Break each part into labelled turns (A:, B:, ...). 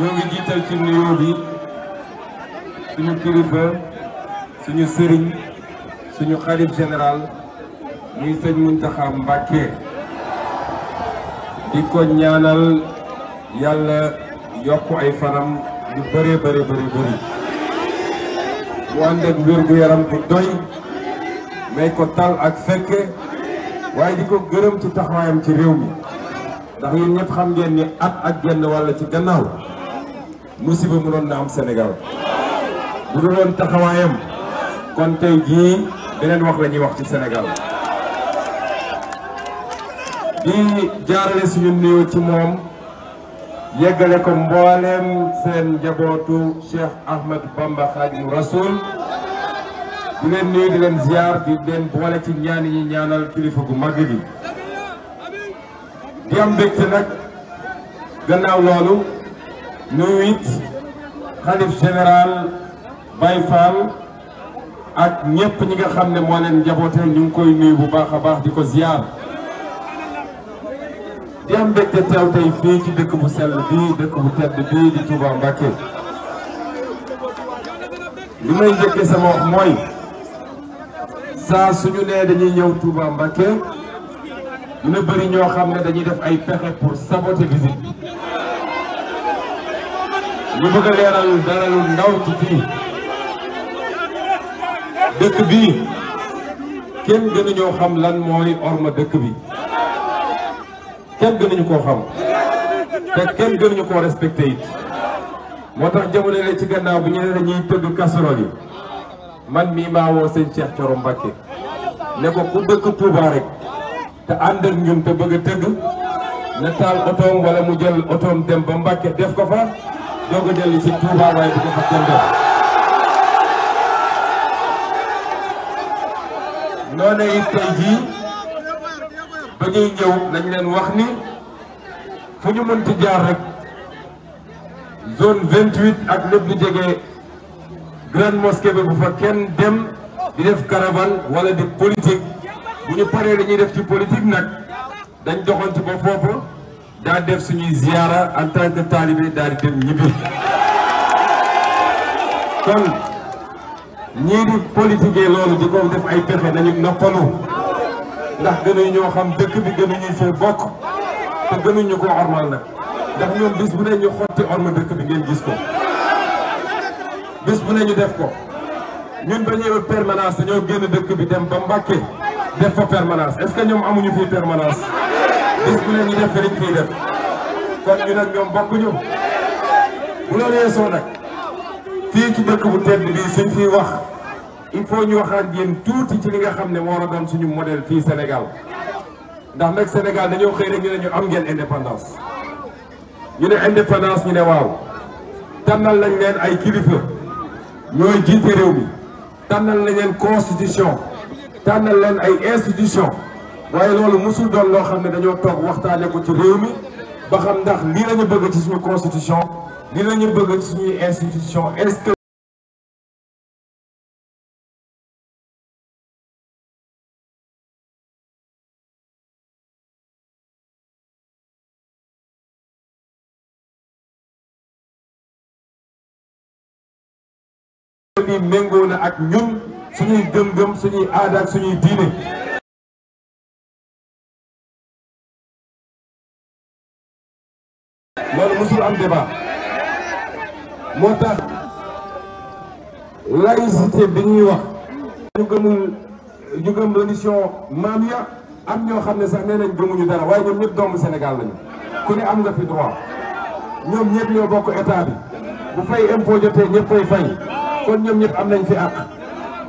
A: ñoo ngi jiital ci nuyoo bi suñu kilifa suñu sëriñ suñu xalif général muy sëñ Muntaxa Mbàkke di ko ñaanal yàlla yokk ay fanam yu bëree bëri bëri bëri ànd ak wér gu yaram bu doy may ko tal ak fekke waaye di ko gërëm ci taxawaayam ci réew mi ndax yéen ñëpp xam ngeen ni at ak genn wàll ci gannaaw mu mënoon na am Sénégal bu dul woon taxawaayam kon tey jii beneen wax la ñuy wax ci Sénégal di jaarale suñu nuyoo ci moom yeggale ko mbooleem seen njabootu Cheikh Ahmed Bamba Khadim Rasoul di leen nuyu di leen ziar di leen boole ci ñaan yi ñaanal kilifa gu mag gi di am mbégte nag gannaaw loolu nuyu it xalif général Baye ak ñëpp ñi nga xam ne moo leen njaboote ñu ngi koy nuyu bu baax a baax di ko ziar. di am mbégte teew tey fii ci dëkk bu sell bii dëkk bu tedd bii di Touba Mbacké li may njëkke sama mooy saa suñu nee dañuy ñëw Touba Mbacké dina bëri ñoo xam ne dañuy def ay pexe pour saboter visite ñu bëgg a leeral dara ndaw ci fii dëkk bii kenn gënu ñoo xam lan mooy orma dëkk bi kenn gënuñu koo xam te kenn gënuñu koo respecté it moo tax jamono la ci gannaaw bi ñeneen dañuy tëgg casserole yi man mii maa woo sëñ Cheikh Thioro ne ko ku dëkk Touba rek te ànd te bëgg tëgg na otoom wala mu jël otoom dem ba Mbacké def ko fa doog a dellu si Touba waaye bu ko noonu it tey jii ba ñuy ñëw dañ leen wax ni fu ñu mënti jaar rek zone 28 ak lépp lu jege grande mosquée bi bu fa kenn dem di def caravane wala di politique bu ñu paree dañuy def ci politique nag dañ doxoon ci ba foofu. daa def suñuy ziyaara en tant que talibé daal di dem ñibbi kon ñii di politique loolu di ko def ay pexe nañu noppalu ndax gënuñ ñoo xam dëkk bi gënuñu fee bokk te gënuñu ko ormal nag ndax ñoom bis bu ne ñu xotti orma dëkk bi ngeen gis ko bis bu ne ñu def ko ñun ba ñëwee permanence dañoo génn dëkk bi dem ba Mbàkke def fa permanence est-ce que ñoom amuñu fii permanence bis bu ne ñu def dañ koy def kon ñu nag ñoom bokkuñu
B: bu loolu yeesoo nag
A: fii ci dëkk bu tedd bii suñ fiy wax il faut ñu waxaat yéen tuuti ci li nga xam ne moo war a doon suñu modèle fii Sénégal ndax nag Sénégal dañoo xëy rek ñu ne ñu am ngeen indépendance ñu ne indépendance ñu ne waaw tànnal lañ leen ay kilifa ñooy jiite réew mi tànnal lañ leen constitution tànnal leen ay institution waaye loolu mosul doon loo xam ne dañoo toog waxtaane ko ci réew mi ba xam ndax lii lañu bëgg ci suñu constitution lii lañu bëgg ci suñuy
B: institution est-ce que bi ak ñun suñuy gëm-gëm suñuy aada suñuy diine du am débat moo tax
A: laïcité bi ñuy wax ñu gëmul ñu gëm religion maam ya am ñoo xam ne sax nee nañ gëmuñu dara waaye ñoom ñëpp doomu Sénégal lañu ku ne am nga fi droit ñoom ñëpp ñoo bokk état bi bu fay impôt jotee ñëpp koy fay kon ñoom ñëpp am nañ fi àq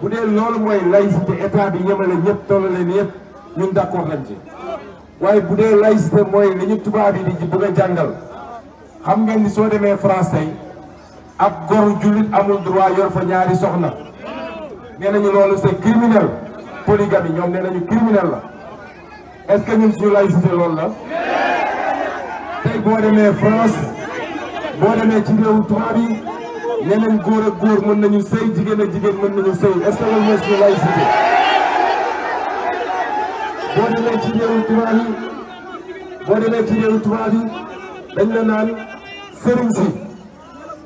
A: bu dee loolu mooy laïcité état bi yemale ñëpp tollale ñëpp ñun d'accord nañ ci waaye bu dee laïcité mooy li ñu tubaab yi di bëgg a jàngal xam nga ni soo demee France tey ab góor jullit amul droit yor fa ñaari soxna nee nañu loolu c'est criminel polygamie ñoom nee nañu criminel la est-ce que ñun suñu laïcité loolu la tey boo demee France boo demee ci réewu tubaab yi nee nañ góor ak góor mën nañu sëy jigéen ak jigéen mën nañu sëy est-ce que loolu mooy suñu laïcité boo demee ci réewu tubaab yi boo demee ci réewu yi dañ la naan sëriñ si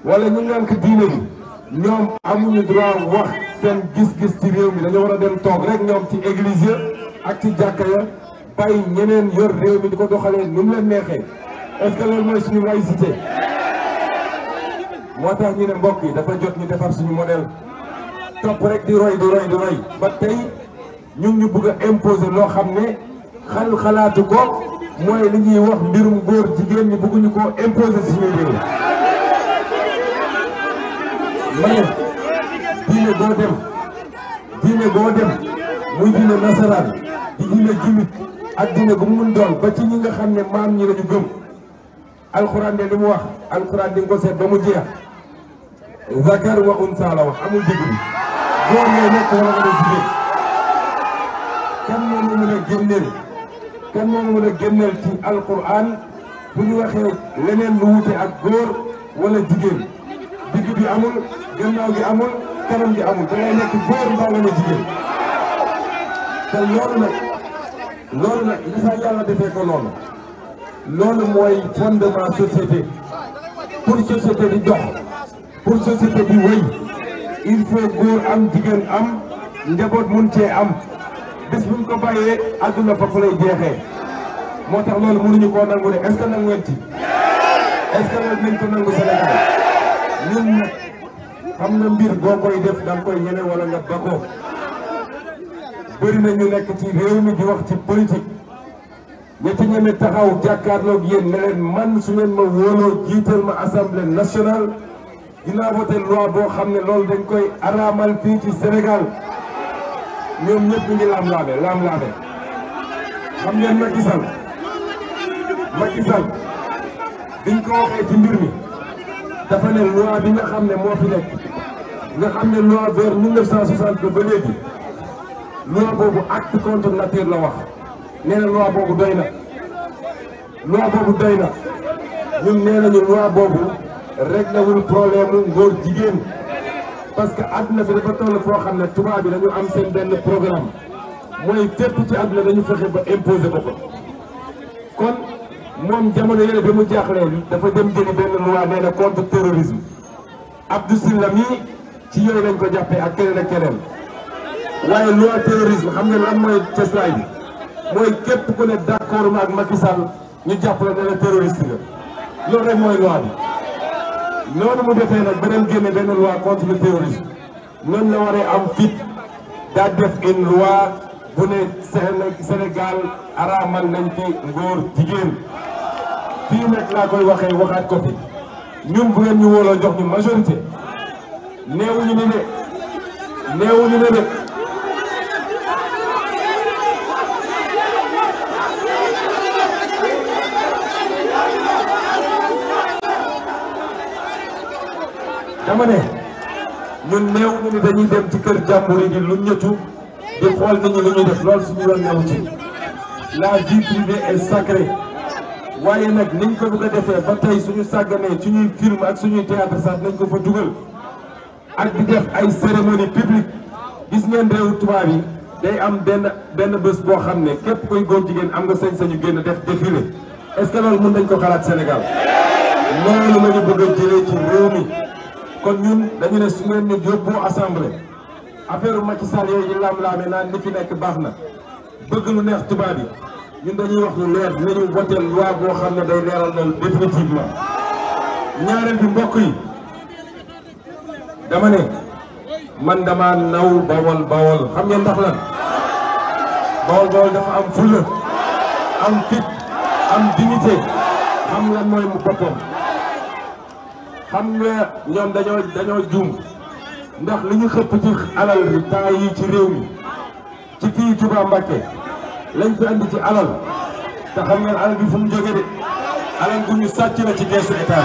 A: wala ñu ngànk diine bi ñoom amuñu droit wax seen gis-gis ci réew mi dañoo war a dem toog rek ñoom ci église ak ci jàkka ya bàyyi ñeneen yor réew mi di ko doxalee nu mu leen neexee est mooy suñu laïcité moo tax ñu ne mbokk yi dafa jot ñu defar suñu modèle topp rek di roy di roy di roy ba tey ñu ñu bëgg a imposer loo xam ne xel xalaatu ko. mooy li ñuy wax mbirum góor jigéen ñi bëgguñu ko imposer suñu réew ma ne diine boo dem diine boo dem muy diine nasaraan di diine julit ak diine gu mun doon ba ci ñi nga xam ne maam ñi lañu gëm alxuraan de li mu wax alxuraan di nga ko seet ba mu jeex zakar wa unsa la wax amul dégg bi góor ngay nekk wala nga ne jigéen kan moo ñu mën a génneel kenn moom mën a génneel ci alquran bu ñu waxee leneen lu wute ak góor wala jigéen digg bi amul gannaaw gi amul kanam gi amul da ngay nekk góor mbaa nga ne jigéen te loolu nag loolu nag li sax yàlla defee ko loolu loolu mooy fondement société pour société di dox pour société di wéy il faut góor am jigéen am njaboot mun cee am bis buñ ko bàyyee àdduna foofu lay jeexee moo tax loolu mu koo nangu de est-ce que nangu ngeen ci est nangu Sénégal ñun xam na mbir boo koy def da nga koy ñeme wala nga bakoo bëri na ñu nekk ci réew mi di ci politique ña ci ñeme taxaw jàkkaarloog yéen ne leen man su ngeen ma wóoloo jiital ma assemblée nationale dinaa voté loi boo xam ne loolu dañ koy araamal fii ci Sénégal. ñoom ñëpp ñu ngi laam laabe laam laabe xam ngeen Macky Sall Macky Sall ko waxee ci mbir mi dafa ne loi bi nga xam ne moo fi nekk nga xam ne loi vers 1960 ba léegi loi boobu acte contre nature la wax nee na loi boobu doy na. loi boobu doy na ñun nee nañu loi boobu réglé wul ngóor jigéen. parce que àdduna bi dafa toll foo xam ne tubaab bi dañu am seen benn programme mooy fépp ci àdduna dañu fexe ba imposer ko kon moom jamono yële bi mu jaaxlee dafa dem jëli benn loi nee na contre terrorisme Abdou Sylla mii ci yooyu lañ ko jàppee ak keneen ak keneen waaye loi terrorisme xam nga lan mooy teslaay bi mooy képp ko ne d'accord ak Macky Sall ñu jàpp la ne la terroriste nga loolu mooy loi bi. noonu mu defee nag beneen génne benn loi contre le terrorisme noonu la waree am fit daa def une loi bu ne Sénégal araamal nañ ci ngóor jigéen fii nekk laa koy waxee waxaat ko fi ñun bu ngeen ñu wóoloo jox ñu majorité néew ñu ne de ñu ne de dama ne ñun néew ñu dañuy dem ci kër jàmbur yi di lu ñëtu di xool nit lu ñuy def lool suñu yoon néew ci la vie privée est sacrée waaye nag niñ ko bëgg a defee ba suñu sàgganee suñuy film ak suñuy théâtre sax nañ ko fa dugal ak di def ay cérémonie gis ngeen réew yi day am benn benn bés boo xam ne képp koy góor jigéen am nga sañ-sañu génn def défilé est-ce que loolu mën nañ ko xalaat Sénégal loolu la ñu bëgg a jëlee ci réew kon ñun dañu ne su ngeen ñu yóbbu assemblée affaire Macky Sall yooyu ñu laam-laame naan li fi nekk baax na bëgg lu neex tubaab yi ñun dañuy wax lu leer nañu voté loi boo xam ne daw leeral na définitivement ñaareel bi mbokk yi dama ne man dama naw bawol bawol xam ngeen ndax lan bawol bawol dafa am fulla am fit am dignité xam lan mooy mu boppam xam nga ñoom dañoo dañoo ndax li ñu xëpp ci alal bi temps yi ci réew mi ci fii Touba Mbacké ci alal te xam ngeen alal bi fu mu jóge de alal bu ñu sàcc la ci keesu état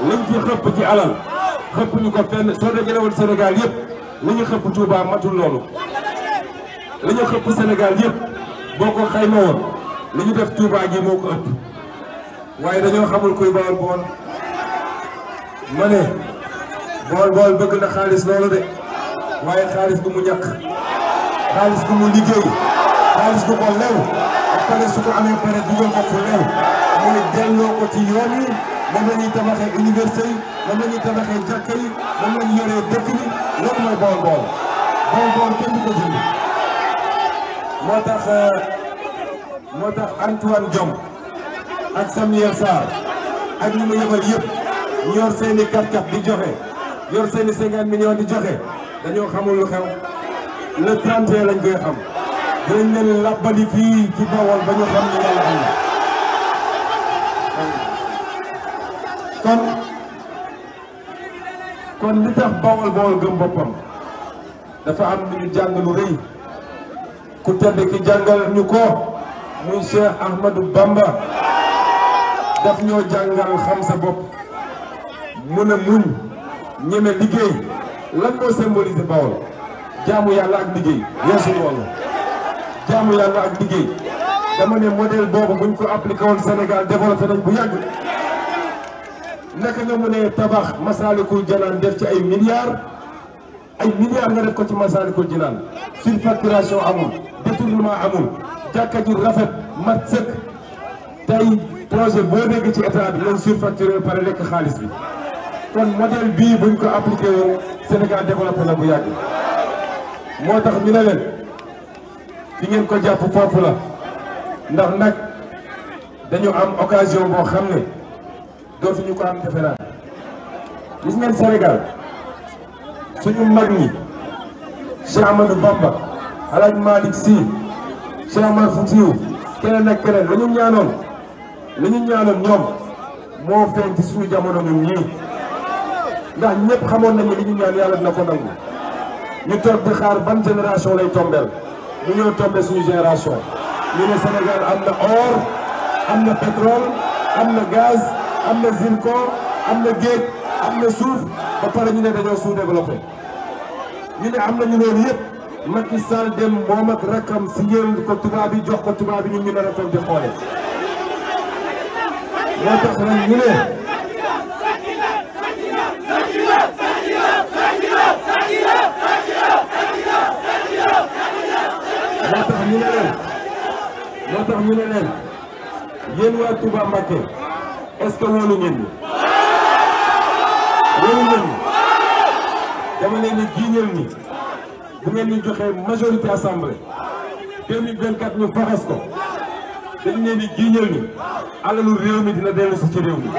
A: bi lañ xëpp ci alal xëpp ñu ko fenn soo dajale woon Sénégal yëpp li ñu xëpp Touba matul loolu li ñu xëpp Sénégal yëpp boo ko xayma woon li ñu def Touba gi moo ko ëpp waaye dañoo xamul kuy bawal bool ma ne bool bool bëgg na xaalis loolu de waaye xaalis bu mu ñàkk xaalis bu mu liggéey xaalis bu ko lew ak pare su ko amee pare dugal ko fu lew mooy delloo ko ci yoon yi moom ñuy tabaxee université yi moom ñuy tabaxee jàkka yi moom la ñuy dëkk bi loolu mooy bool bool bool kenn du ko jënd moo tax Antoine Diome ak Samuel Sarr ak ñi ma yebal yëpp ñu yor seen i kat di joxe yor seeni i 50 millions di joxe dañoo xamul lu xew le 31 lañ koy xam dinañ leen labbali fii ci Bawol ba ñu xam am kon kon tax Bawol Bawol gëm boppam dafa am lu ñu jàng lu rëy ku tedd ki jàngal ñu ko muy Cheikh Ahmadou Bamba daf ñoo jàngal xam sa bopp mën a muñ ñeme liggéey lan moo symboliser Bawol jaamu yàlla ak liggéey yeesul wàll jaamu yàlla ak liggéey dama ne modèle boobu buñ ko appliqué woon Sénégal développé nañ bu yàgg naka nga mu ne tabax Masaalikul Jinaan def ci ay milliards ay milliards nga def ko ci Masaalikul Jinaan surfacturation amul détournement amul jàkka ji rafet mat sëkk tey projet boo dégg ci état bi lañ surfacturé pare lekk xaalis bi kon modèle bii buñ ko appliqué woon Sénégal développé na bu yàgg moo tax ñu ne leen fi ngeen ko jàpp foofu la ndax nag dañu am occasion boo xam ne dootuñu ko am defe naa gis ngeen Sénégal suñu mag ñi Cheikh Amadou Bamba El Hadj Malick Sy keneen ak keneen lañu ñu ñaanoon la ñaanoon ñoom moo feeñ ci suñu jamono ñun ñii ndax ñëpp xamoon nañu li ñu ñaan yàlla na ko nangu ñu toog di xaar ban génération lay tombeel mu ñëw tombe suñu génération ñu ne Sénégal am na or am na pétrole am na gaz am na zircon am na géej am na suuf ba pare ñu ne dañoo sous-développé ñu ne am na ñu loolu yëpp Macky Sall dem moom ak rakkam si ngeen ko tubaab jox ko tubaab ñu ñu nar a toog xoole moo tax nag ñu ne ñu ne leen moo tax ñu ne leen yéen waa Touba Mbacké est-ce ngeen ñu wóolu ngeen dama leen di giiñal ni bu ngeen ñu joxee majorité assemblée 2024 ñu faxas ko dañ leen di giiñal ni alalu réew mi dina dellu si ci réew mi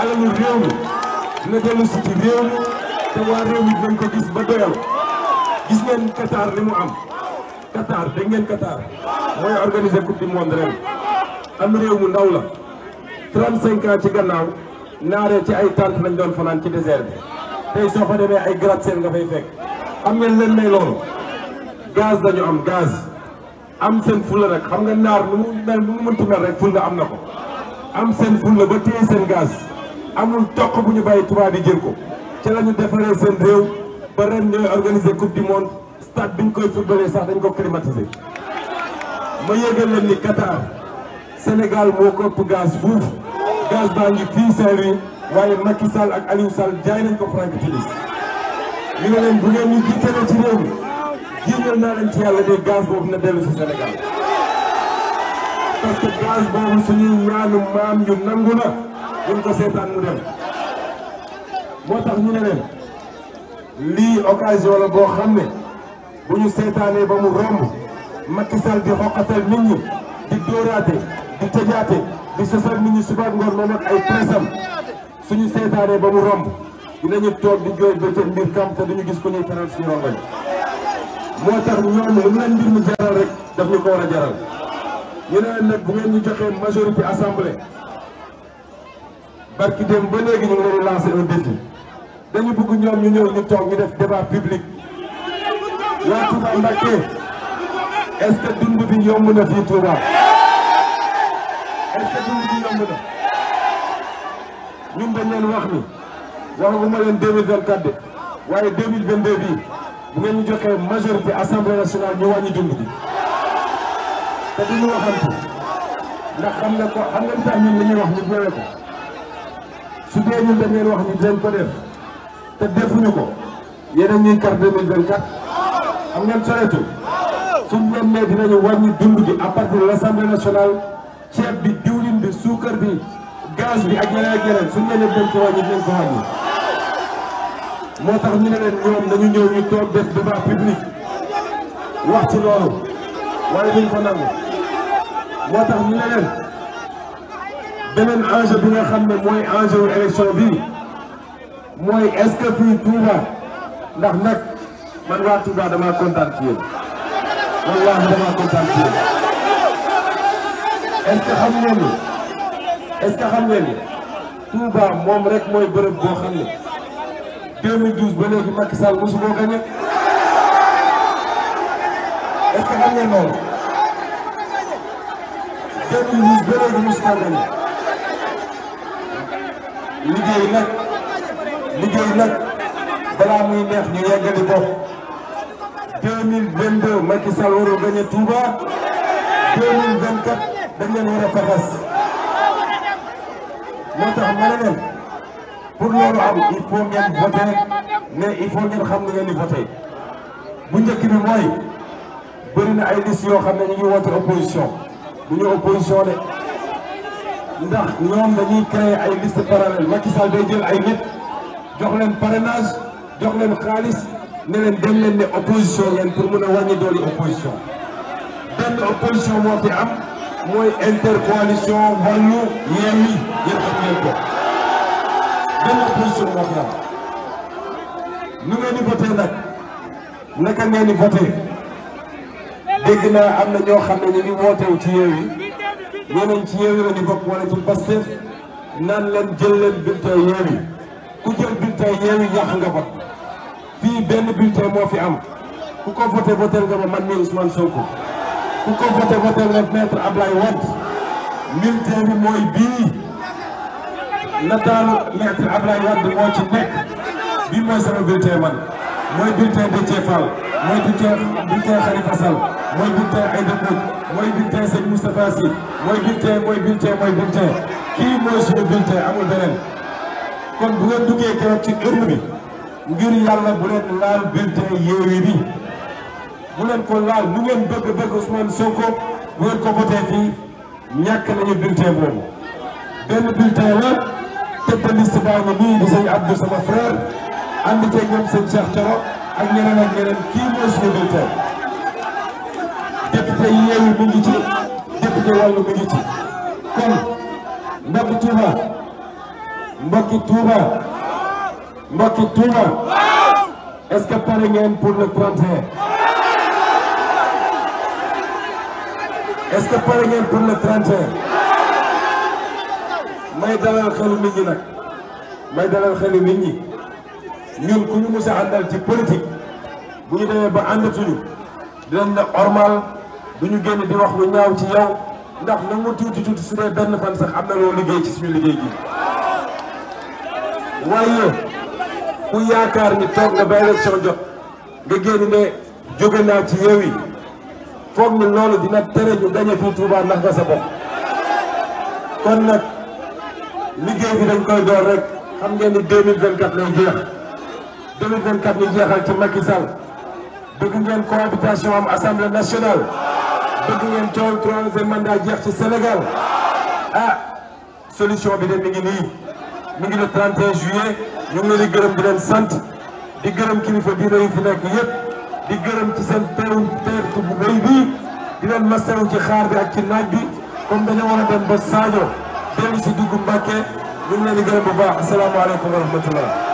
A: alalu réew mi dina dellu ci réew mi te waa réew mi dinañ ko gis ba doyal gis ngeen Qatar li mu am Qatar dégg ngeen Qatar mooy organiser coupe du monde ren am réew mu ndaw la 35 ans ci gannaaw naaree ci ay tente lañ doon fanaan ci désert bi tey soo fa demee ay gratte-ciel nga fay fekk am nga leen may loolu gaz dañu am gaz am seen fulla rek xam nga naar lu mu mel lu mu mënti rek fulla am na ko am seen fulla ba téye seen gaas amul toq bu ñu bàyyi tubaab yi jël ko ci la defaree seen réew ba ren ñooy organiser coupe du monde stade bi ñu koy footballé sax dañ ko climatisé ma yëgal leen ni Qatar Sénégal moo ko ëpp gaz fuuf gaz baa ngi fii Saint-Louis waaye Macky Sall ak Aliou Sall jaay nañ ko Franck Timis ñu ne leen bu ngeen ñu a ci réew mi jiital naa leen ci yàlla de gaz boobu na dellu si Sénégal parce que gaz boobu suñuy ñaanu maam yu nangu la buñ ko seetaan mu dem moo tax ñu ne leen lii occasion la boo xam ne bu ñu seetaanee ba mu romb Macky Sall di xoqatal nit ñi di dóoraate di tëjaate di sosal nit ñi subaat ngoon moom ay pressam suñu seetaanee ba mu romb dinañu toog di jooy bëccëg mbir kam te duñu gis ku ñuy faral suñu rongoñ moo tax ñoom lu mu leen mu jaral rek daf ñu ko war a jaral ñu ne nag bu ngeen ñu joxee majorité assemblée barki dem ba léegi ñu ngi leen lancer un défi dañu bëgg ñoom ñu ñëw ñu toog ñu def débat public waa Touba Mbacké est-ce que dund bi yomb na fii Touba est-ce que dund bi yomb na ñun dañ leen wax ni waxaguma leen 2024 de waaye 2022 bii bu ngeen ñu joxee majorité assemblée nationale ñu wàññi dund bi te duñu waxantu ndax xam nga ko xam nga tax ñun li ñuy wax ñu boole ko su dee ñun dañ leen wax ñu dinañ te defuñu ko yéen yi ñuy carte 2024 am ngeen soreetul suñ leen nee dinañu wàññi dund gi à partir de l' assemblée nationale ceeb bi diwlin bi suukar bi gaz bi ak yeneen ak yeneen suñ leen yëpp ko wàññi dinañ ko wàññi. moo tax ñu ne leen ñoom nañu ñëw ñu toog def débat public wax ci loolu waaye ko nangu moo tax ñu ne leen beneen enjeu bi nga xam ne mooy enjeu élection bi. mooy est-ce que fii ndax nag man waa Touba damaa kontaan ci yéen wallaahi damaa kontaan ci yéen est xam ngeen ni est xam ngeen ni Touba moom rek mooy bërëb boo xam ne 2012 ba léegi Macky Sall mosu koo gagné est-ce que xam ngeen loolu 2012 ba léegi mosu koo liggéey nag. liggéey nag balaa muy neex ñu yeggali ko 2022 Macky Sall war a gagné Touba 2024 dañ leen war a faxas moo tax ma ne leen pour am il faut ngeen voté mais il faut ngeen xam ne ngeen i voté bu njëkk bi mooy bëri na ay liste yoo xam ne ñu ngi woote opposition du ñu opposition de ndax ñoom dañuy créer ay liste parallèle Macky Sall ay nit. jox leen parrainage jox leen xaalis ne leen dem leen ne opposition ngeen pour mën a wàññi dooli opposition benn opposition moo fi am mooy intercoalition wàllu Yewwi yéen xam ko benn opposition moo fi am nu ngeen di voté nag naka ngeen di voté dégg naa am na ñoo xam ne ñu ngi wootew ci Yewwi ñeneen ci Yewwi la ñu bokk wala ci Pastef naan leen jël leen bulletin Yewwi ku jël bulletin yeewi yàq nga vote fii benn bulletin moo fi am ku ko voté voté nga ma man mii Ousmane Sonko ku ko voté voté nga maître Ablaye Wade bulletin bi mooy bii nataalu maître Ablaye Wade moo ci nekk bii mooy sama bulletin man mooy bulletin Déthié Fall mooy bulletin bulletin Khalifa mooy bulletin Aïda Mbodj mooy mooy bulletin mooy bulletin kii mooy suñu bulletin amul beneen kon bu ngeen duggee keroog ci urne bi ngir yàlla bu leen laal bulletin Yewwi bi bu leen ko laal lu ngeen bëgg bëgg Ousmane Sonko bu ngeen ko voté fii ñàkk nañu bulletin boobu benn bulletin la tête de liste baa ngi nii di sëñ Abdou sama frère ànd ci ñoom sëñ Cheikh Thioro ak ñeneen ak ñeneen kii mooy suñu bulletin député Yewwi mu ngi ci député Wallu mu ngi ci kon ndax mbokki Touba mbokki Touba est-ce que pare ngeen pour le 31 est-ce que pare ngeen pour le 31 may dalal xelu nit ñi nag may dalal xelu nit ñi ñun ku ñu mus a àndal ci politique bu ñu demee ba àndatuñu dinañ la ormal du ñu génn di wax lu ñaaw ci yow ndax na mu tuuti tuuti su dee benn fan sax am na loo liggéey ci suñu liggéey gi. waaye ku yaakaar ni toog nga ba élection jot nga génn ne jóge naa ci Yewwi foog ni loolu dina tere ñu gañe fii Touba ndax nga sa kon nag liggéey bi dañ koy door rek xam ngeen ni 2024 lay jeex 2024 ñu jeexal ci Macky Sall bëgg ngeen cohabitation am assemblée nationale bëgg ngeen coow troisième jeex ci Sénégal a ah solution bi de mi ngi nii mu ngi le 31 juillet ñu ngi leen di gërëm di leen sant di gërëm kilifa diine yi fi nekk yëpp di gërëm ci seen teeru teertu bu béy bii di leen masawu ci xaar bi ak ci naaj bi comme dañoo war a ba Sadio dellu si dugg Mbàkke ñu ngi ni di gërëm bu baax asalaamaaleykum wa rahmatullah